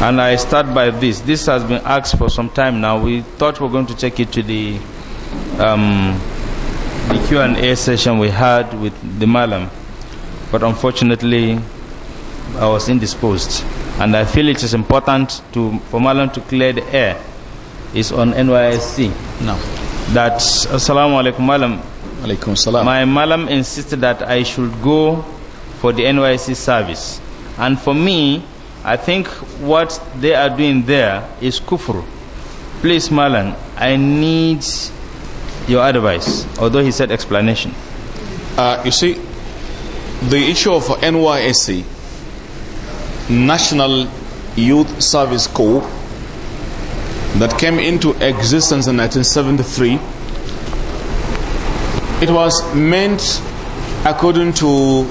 And I start by this. This has been asked for some time now. We thought we are going to take it to the um, the Q and A session we had with the Malam, but unfortunately, I was indisposed. And I feel it is important to for Malam to clear the air. It's on NYSC. No. That Assalamu alaikum Malam. Alaikum salam. My Malam insisted that I should go for the NYC service, and for me I think what they are doing there is kufr. Please, Malan, I need your advice, although he said explanation. Uh, you see, the issue of NYSC, National Youth Service Corps, that came into existence in 1973, it was meant, according to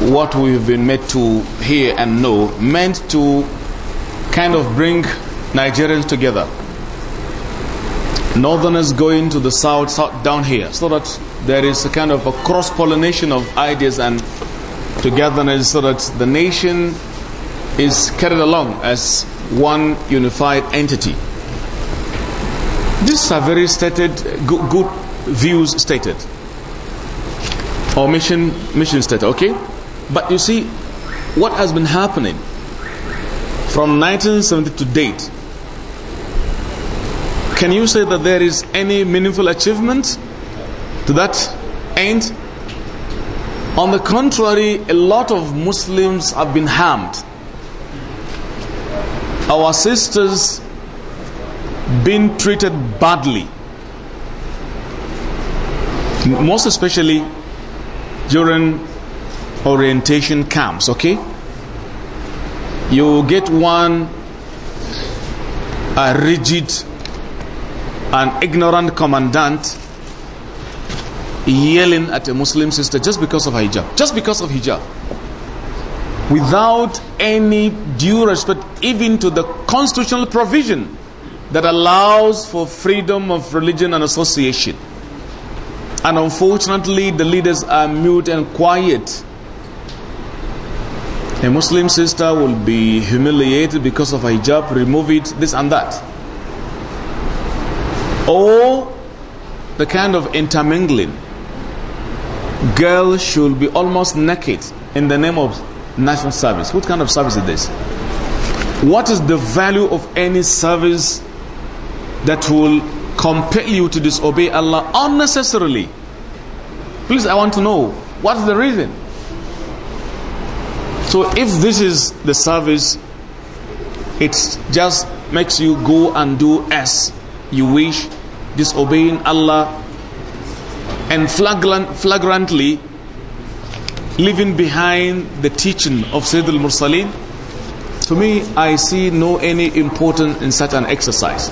what we've been made to hear and know meant to kind of bring Nigerians together. Northerners going to the south, south down here, so that there is a kind of a cross-pollination of ideas and togetherness so that the nation is carried along as one unified entity. These are very stated, good, good views stated, or mission, mission stated, okay? But you see, what has been happening from 1970 to date, can you say that there is any meaningful achievement to that end? On the contrary, a lot of Muslims have been harmed. Our sisters being treated badly. Most especially during orientation camps, okay? You get one a rigid and ignorant commandant yelling at a Muslim sister just because of hijab, just because of hijab, without any due respect even to the constitutional provision that allows for freedom of religion and association. And unfortunately, the leaders are mute and quiet a Muslim sister will be humiliated because of hijab, remove it, this and that. Or the kind of intermingling. Girls should be almost naked in the name of national service. What kind of service is this? What is the value of any service that will compel you to disobey Allah unnecessarily? Please, I want to know. What's the reason? So if this is the service, it just makes you go and do as you wish, disobeying Allah and flagrant, flagrantly leaving behind the teaching of Sayyid al-Mursaleen. To me, I see no any importance in such an exercise.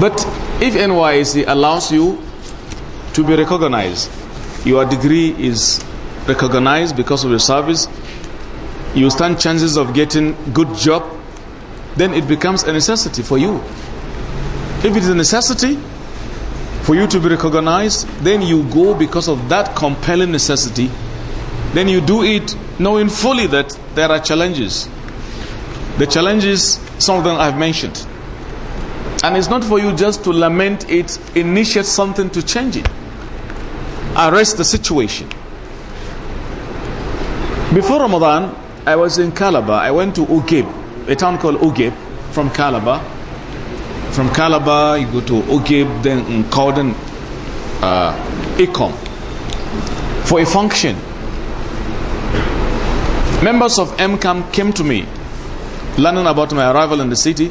But if NYC allows you to be recognized, your degree is recognized because of your service, you stand chances of getting good job, then it becomes a necessity for you. If it is a necessity for you to be recognized, then you go because of that compelling necessity. Then you do it knowing fully that there are challenges. The challenges, some of them I've mentioned. And it's not for you just to lament it, initiate something to change it. Arrest the situation. Before Ramadan, I was in Calabar. I went to Ugib, a town called Ugib from Calabar. From Calabar, you go to Ugib, then in Cordon, uh, for a function. Members of MCAM came to me, learning about my arrival in the city.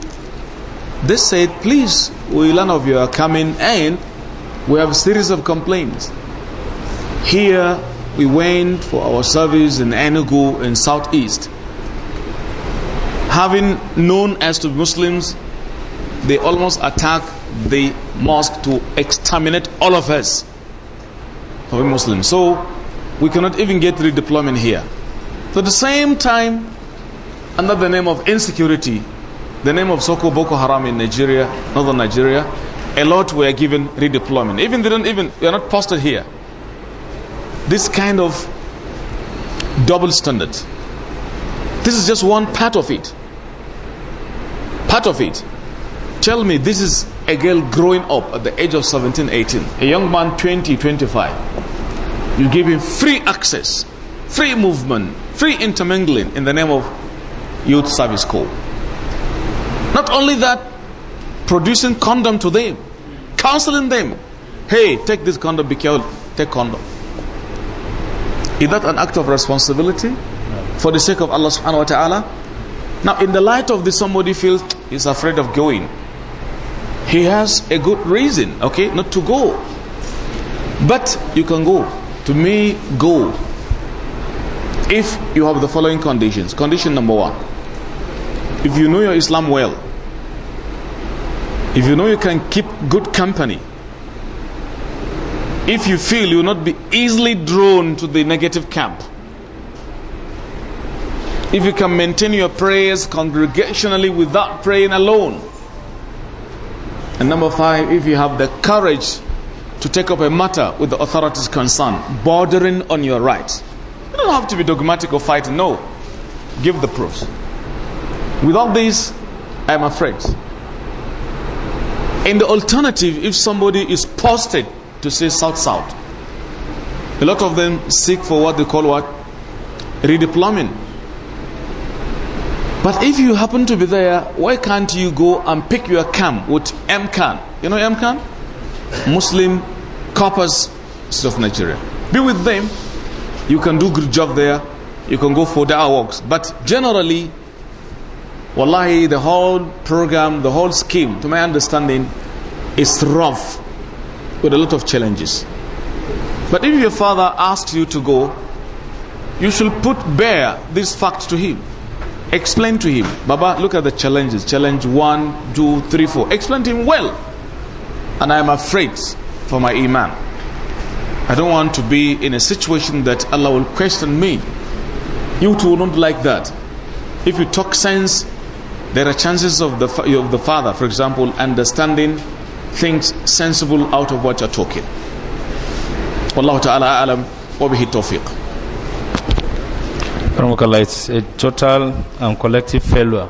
They said, please, we learn of your coming and we have a series of complaints. Here, we went for our service in Enugu in southeast. Having known as to Muslims, they almost attack the mosque to exterminate all of us for a Muslims. So we cannot even get redeployment here. So at the same time, under the name of insecurity, the name of Soko Boko Haram in Nigeria, northern Nigeria, a lot were given redeployment. Even they don't even, they are not posted here this kind of double standard. This is just one part of it. Part of it. Tell me, this is a girl growing up at the age of 17, 18, a young man 20, 25. You give him free access, free movement, free intermingling in the name of youth service corps. Not only that, producing condom to them, counseling them. Hey, take this condom, be careful, take condom. Is that an act of responsibility for the sake of Allah subhanahu wa ta'ala? Now, in the light of this, somebody feels he's afraid of going. He has a good reason, okay, not to go. But you can go. To me, go. If you have the following conditions. Condition number one. If you know your Islam well. If you know you can keep good company if you feel you will not be easily drawn to the negative camp. If you can maintain your prayers congregationally without praying alone. And number five, if you have the courage to take up a matter with the authorities concerned, bordering on your right. You don't have to be dogmatic or fight, no. Give the proofs. Without this, I'm afraid. In the alternative, if somebody is posted to say south-south. A lot of them seek for what they call what? Redeployment. But if you happen to be there, why can't you go and pick your camp with MCAN? You know MCAN? Muslim Corpus of Nigeria. Be with them. You can do good job there. You can go for their works. But generally, wallahi, the whole program, the whole scheme, to my understanding, is rough with a lot of challenges. But if your father asks you to go, you should put bare this fact to him. Explain to him, Baba, look at the challenges. Challenge one, two, three, four. Explain to him well. And I am afraid for my iman. I don't want to be in a situation that Allah will question me. You too will not like that. If you talk sense, there are chances of the, of the father, for example, understanding things sensible out of what you're talking. Wallahu ta'ala alam wa bihi tawfiq. It's a total and um, collective failure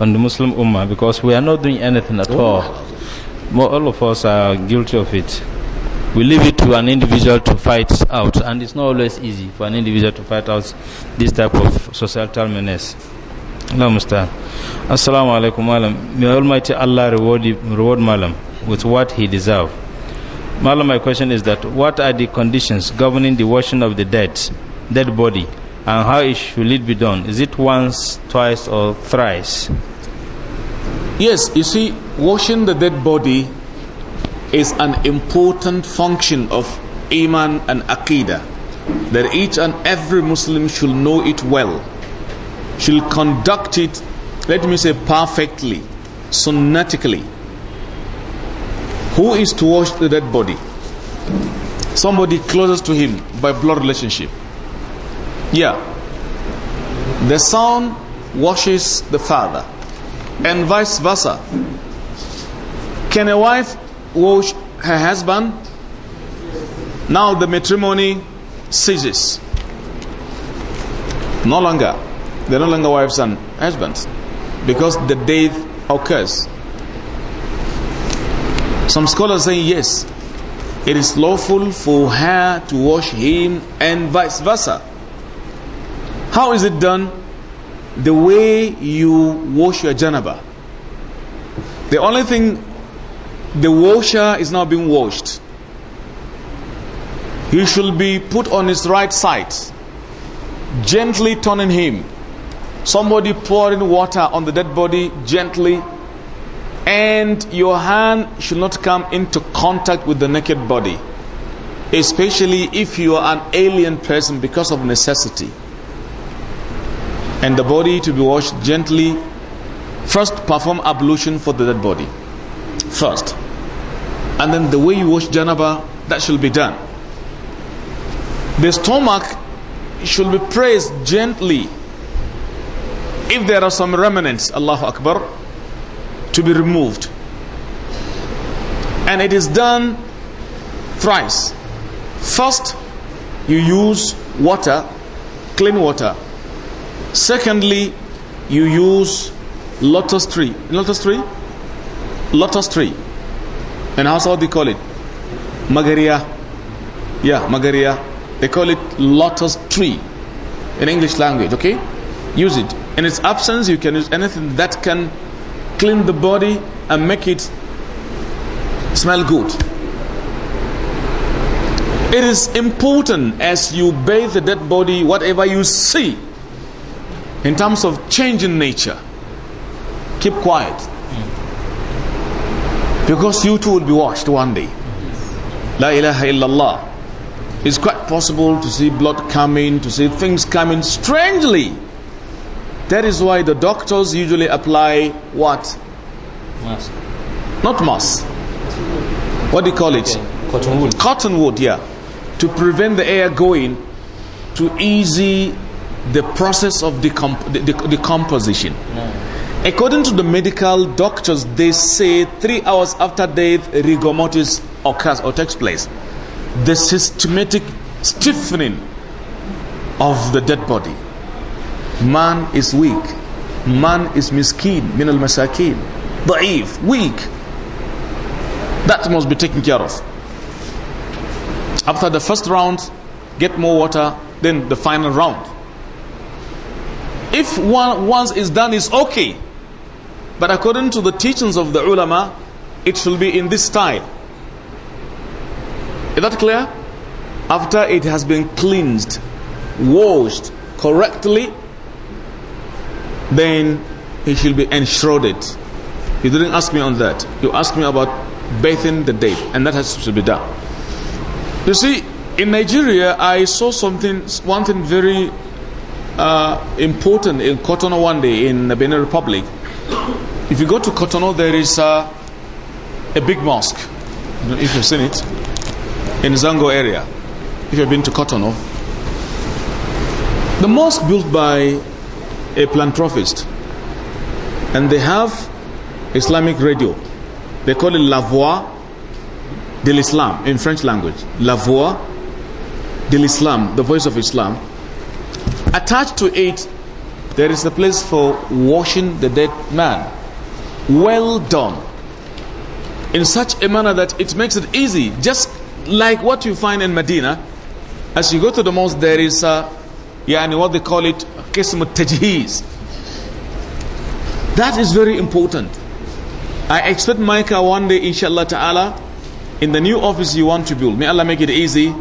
on the Muslim Ummah because we are not doing anything at all. All of us are guilty of it. We leave it to an individual to fight out, and it's not always easy for an individual to fight out this type of societal menace. Allah Mustah. Assalamu alaikum, Malam. May Almighty Allah reward, you, reward Malam with what he deserved. Marlon, my question is that what are the conditions governing the washing of the dead, dead body, and how it should it be done? Is it once, twice, or thrice? Yes, you see, washing the dead body is an important function of Iman and Aqidah that each and every Muslim should know it well, should conduct it, let me say, perfectly, sunnatically who is to wash the dead body? Somebody closest to him by blood relationship. Yeah. The son washes the father and vice versa. Can a wife wash her husband? Now the matrimony ceases. No longer. They're no longer wives and husbands because the death occurs. Some scholars say yes, it is lawful for her to wash him and vice versa. How is it done? The way you wash your janaba. The only thing, the washer is not being washed. He should be put on his right side, gently turning him. Somebody pouring water on the dead body, gently and your hand should not come into contact with the naked body, especially if you are an alien person because of necessity. And the body to be washed gently. First, perform ablution for the dead body. First. And then the way you wash janaba, that shall be done. The stomach should be pressed gently. If there are some remnants, Allahu Akbar, to be removed. And it is done thrice. First, you use water, clean water. Secondly, you use lotus tree. Lotus tree? Lotus tree. And how how they call it? Magaria. Yeah, Magaria. They call it lotus tree in English language, okay? Use it. In its absence, you can use anything that can clean the body and make it smell good. It is important as you bathe the dead body, whatever you see, in terms of changing nature, keep quiet. Because you too will be washed one day. La ilaha illallah. It's quite possible to see blood coming, to see things coming strangely that is why the doctors usually apply what? Mask. Not moss. What do you call it? Cotton wool. Cotton wool, yeah. To prevent the air going to easy the process of decomp de de decomposition. Yeah. According to the medical doctors, they say three hours after death, rigor mortis occurs or takes place. The systematic stiffening of the dead body. Man is weak. Man is miskeen, min al-masakin. Da'if, weak. That must be taken care of. After the first round, get more water, then the final round. If one once is done, is okay. But according to the teachings of the ulama, it should be in this style. Is that clear? After it has been cleansed, washed correctly, then he should be enshrouded. You didn't ask me on that. You asked me about bathing the dead, and that has to be done. You see, in Nigeria, I saw something, one thing very uh, important in Kotono one day in the Benin Republic. If you go to Kotono, there is a, uh, a big mosque. If you've seen it in Zango area, if you've been to Kotono, the mosque built by a philanthropist. And they have Islamic radio. They call it La Voix de l'Islam in French language. La Voix de l'Islam, the voice of Islam. Attached to it, there is a place for washing the dead man. Well done. In such a manner that it makes it easy, just like what you find in Medina. As you go to the mosque, there is a yani what they call it qism tajheez that is very important i expect Micah one day inshallah ta'ala in the new office you want to build may allah make it easy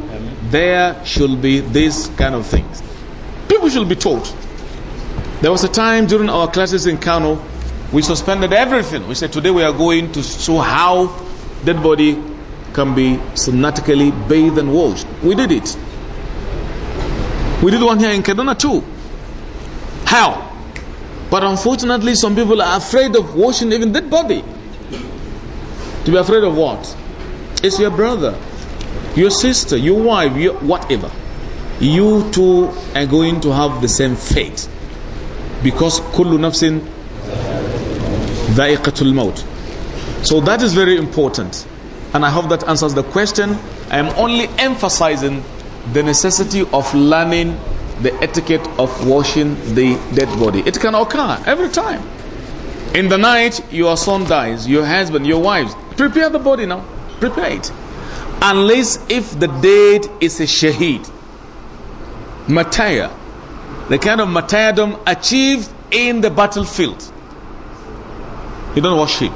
there should be this kind of things people should be taught there was a time during our classes in kano we suspended everything we said today we are going to show how dead body can be synaptically bathed and washed we did it we did one here in Kaduna too. How? But unfortunately, some people are afraid of washing even dead body. To be afraid of what? It's your brother, your sister, your wife, your whatever. You two are going to have the same fate. Because kullu nafsin dha'iqatul maut. So that is very important. And I hope that answers the question. I am only emphasizing the necessity of learning the etiquette of washing the dead body. It can occur every time. In the night, your son dies, your husband, your wives. Prepare the body now. Prepare it. Unless if the dead is a shaheed. Mataya. The kind of matayadom achieved in the battlefield. You don't wash him.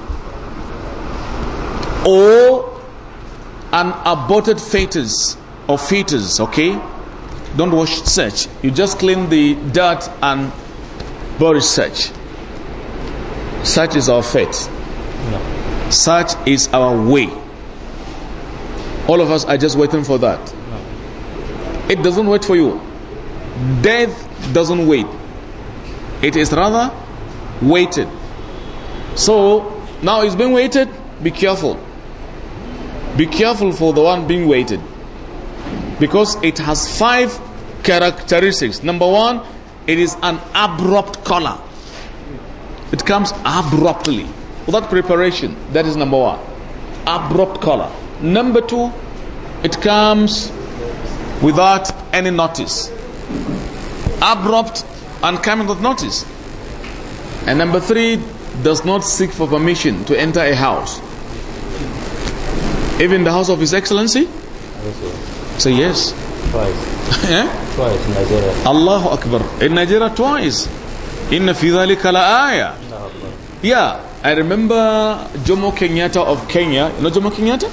Or an aborted fetus or fetus, okay? Don't wash such. You just clean the dirt and bury such. Such is our faith. No. Such is our way. All of us are just waiting for that. No. It doesn't wait for you. Death doesn't wait. It is rather waited. So now it's been waited. Be careful. Be careful for the one being waited. Because it has five characteristics. Number one, it is an abrupt color. It comes abruptly. Without preparation, that is number one. Abrupt color. Number two, it comes without any notice. Abrupt and coming without notice. And number three, does not seek for permission to enter a house. Even the house of His Excellency? Say yes. Twice. eh? Twice in Nigeria. Allahu Akbar. In Nigeria twice. Inna fi dhalika la Yeah, I remember Jomo Kenyatta of Kenya. You know Jomo Kenyatta?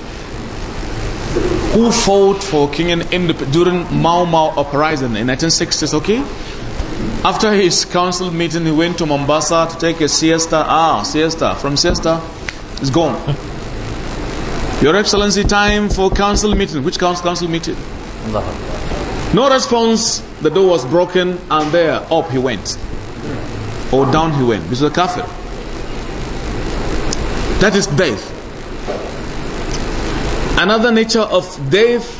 Who fought for Kenyan independence during Mau Mau uprising in 1960s, okay? After his council meeting, he went to Mombasa to take a siesta. Ah, siesta. From siesta, it's gone. Your Excellency, time for council meeting. Which council, council meeting? No response. The door was broken and there up he went. Or down he went. This is a kafir. That is death. Another nature of death,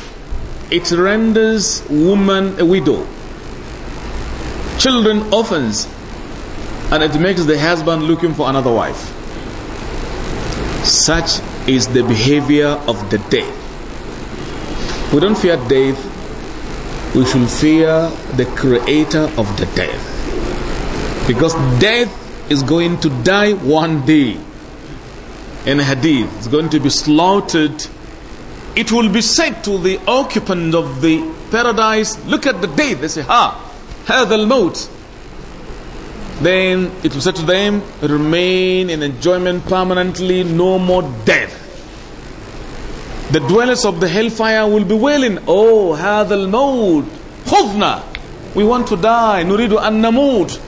it renders woman a widow. Children orphans. And it makes the husband looking for another wife. Such is the behavior of the dead. We don't fear death, we should fear the creator of the death. Because death is going to die one day. In Hadith, it's going to be slaughtered. It will be said to the occupant of the paradise, look at the death. They say, ha, the الموت then it will say to them, remain in enjoyment permanently, no more death. The dwellers of the hellfire will be wailing, Oh, هذا الموت خذنا We want to die, نريد أن نموت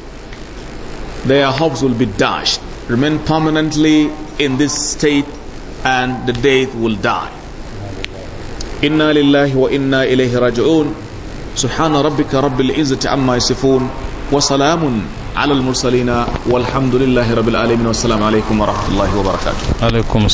Their hopes will be dashed, remain permanently in this state and the dead will die. إنا لله وإنا إليه راجعون سبحان ربك رب العزة عما يصفون وسلام على المرسلين والحمد لله رب العالمين والسلام عليكم ورحمة الله وبركاته. عليكم